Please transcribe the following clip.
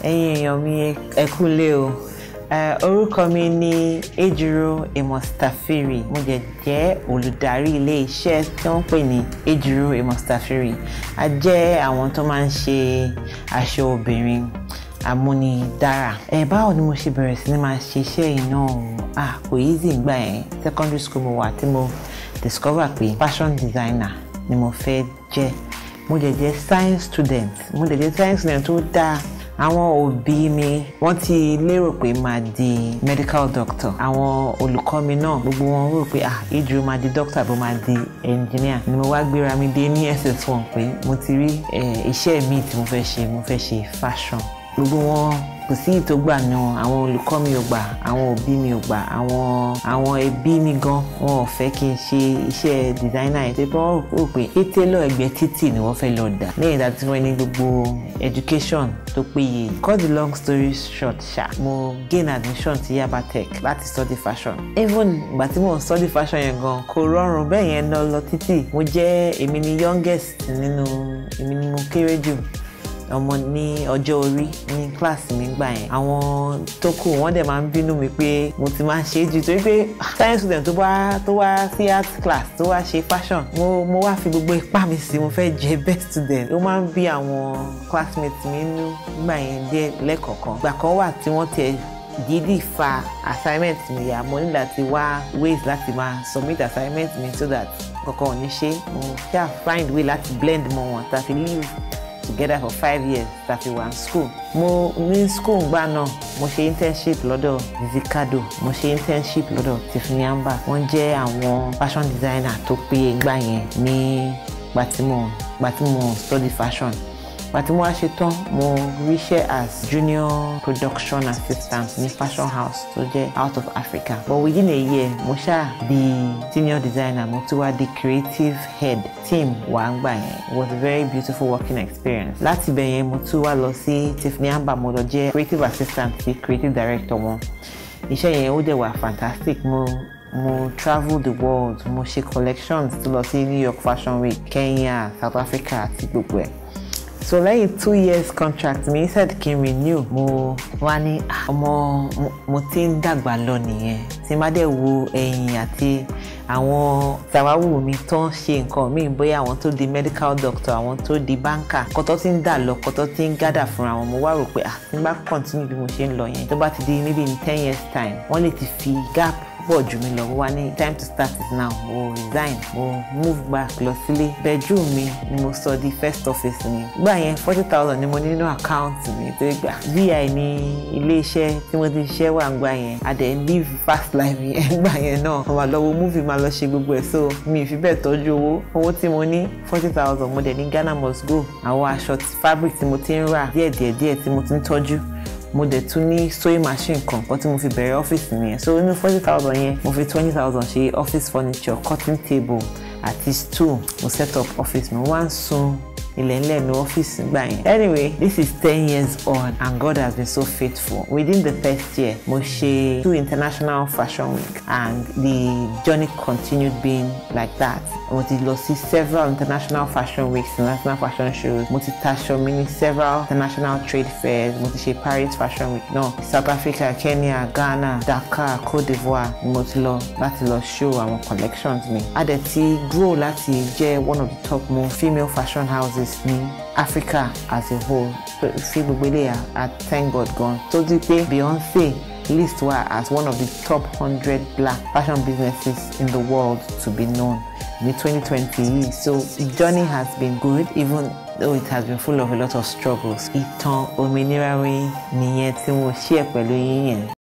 ẹ̀yin èèyàn mi ẹ kúlé o orúkọ mi ni ejiro emostafiri mo jẹ jẹ́ olùdarí ilé iṣẹ́ tí wọ́n pè ní ejiro emostafiri a jẹ́ àwọn tó máa ń ṣe aṣọ obìnrin amúnidára ẹ báwo ni mo ṣe bẹ̀rẹ̀ sí ni máa ṣe iṣẹ́ yìí náà o kò ìgbà yẹn secondary school mo wà tí mo discover pé fashion designer ni mo fẹ́ jẹ́ mo dẹ̀ jẹ́ science student mo dẹ̀ jẹ́ science student tó dáa àwọn òbí mi wọ́n ti lérò pé máa di medical doctor àwọn olùkọ́ mi náà gbogbo wọn rò pé ah ìjù máa di doctor bó máa di engineer ni mo wá gbéra mi dé ní SS1 pé mo ti rí eh, iṣẹ́ mi tí mo fẹ́ ṣe mo fẹ́ ṣe fashion gbogbo wọn kò sí ìtò gbà náà àwọn olùkọ́ mi ò gbà àwọn òbí mi ò gbà àwọn àwọn ẹbí mi gan wọn ò fẹ́ kí n ṣe iṣẹ́ dìsáínà yẹn tó bọ́ rò pé ètèlọ ẹgbẹ́ títì ni wọ́n fẹ́ lọ dà lẹ́yìn tá a ti fún ní gbogbo education tó péye cut the long story short ṣá mo gain admission to Yaba Tech láti study fashion even ìgbà tí mo ń study fashion yẹn gan kò rọrùn bẹ́ẹ̀ yẹn lọ lọ títì mo jẹ́ èmi ni youngest nínú èmi ni mo kéré jù ọmọ ní ọjọ́ orí ní kíláàsì mi gbà yẹn àwọn tó kù wọ́n dẹ̀ máa ń bínú mi pé mo ti máa ṣe é jù torí pé ah, science student tó wá tó wá sí art class tó wá ṣe fashion mo mo wá fi gbogbo ipá mi sí mo fẹ́ jẹ best student ó máa ń bí àwọn classmates mi nú gbà yẹn díẹ̀ lẹ́kọ̀ọ̀kan ìgbà kan wà tí wọ́n tiẹ̀ dídì fa assignment mi yà mo ní láti wá ways láti máa submit assignment mi so that kankan ò ní ṣe mo ṣáà find way láti blend mọ́ wọn tàbí leave together for five years that we were in school. mo ní school gbà náà mo ṣe internship lọ́dọ̀ Vizicado mo ṣe internship lọ́dọ̀ Tiffany Amber wọ́n jẹ́ àwọn fashion designer tó péye gbà yẹn ní gbàtímọ̀ gbàtímọ̀ study fashion. But mo wá ṣe tán mo ríṣẹ́ as junior production assistant ní fashion house tó jẹ́ out of Africa but within a year mo ṣáà di senior designer mo ti wá di creative head team wà gbà yẹn it was a very beautiful working experience láti ibẹ̀ yẹn mo tún wá lọ sí Tiffany Amber mo lọ jẹ́ creative assistant sí creative director wọn iṣẹ́ yẹn ó dẹ̀ wà fantastic mo mo travel the world mo ṣe collections tó lọ sí New York Fashion Week Kenya South Africa àti gbogbo ẹ̀ so lẹ́yìn two years contract mi said kí n renew mo wá ní ọmọ mo ti ń dàgbà lọ nìyẹn tí má dẹ̀ wo ẹ̀yìn àti àwọn tàwáwù mi tó ń ṣe nǹkan míì bóyá àwọn tó di medical doctor àwọn tó di báńkà kọ́tọ́ ti ń dà lọ kọ́tọ́ ti ń gádà fúnra wọn mo wá rò pé àti bá continue bí mo ṣe ń lọ yẹn tó bá ti di maybe in ten years time wọ́n lè ti fi gap pọ̀ jù mí lọ wá ní time to start it now mo resign mo move back lọ sílé bedroom mi ni mo sọ di first office mi gbà yẹn forty thousand ni mo ní nínú àkáǹtì mi tó gbà vi ní ilé iṣẹ́ tí mo ti ṣiṣẹ́ wà ń gbà yẹn adẹ̀ live fast life yẹn gbà yẹn náà mo máa lọ wo movie máa lọ ṣe gbogbo ẹ̀ so mi ì fi bẹ́ẹ̀ tọ́jú owó owó tí mo ní forty thousand mo dẹ̀ ní Ghana must go àwọn aṣọ fabric tí mo ti ń rà díẹ̀díẹ̀díẹ̀ tí mo ti ń tọ́jú mo dẹ̀ tún ní sewing machine kan kan tí mo fi bẹ̀rẹ̀ ọ́fíìsì nìyẹn so inú forty thousand yẹn mo fi twenty thousand ṣe office furniture cutting table àti stool mo set up office mi wá ń sun ilẹ̀ ńlẹ̀ ní ọ́fíìsì gbà yẹn. anyway this is ten years on and God has been so faithful within the first year mo ṣe two international fashion week and the journey continued being like that mo ti lọ sí several international fashion weeks international fashion shows mo ti taṣọ mi ní several international trade fairs mo ti ṣe Paris Fashion Week náà no. South Africa Kenya Ghana Dakar Cote d'Ivoire ni mo ti lọ láti lọ show àwọn collections mi a dẹ̀ ti grow láti jẹ́ one of the top most female fashion houses ní Africa as a whole fi gbogbo ilé I thank God gan tó di pé Beyonce Listwa as one of the top 100 black fashion businesses in the world to be known in 2020. So the journey has been good, even though it has been full of a lot of struggles. mo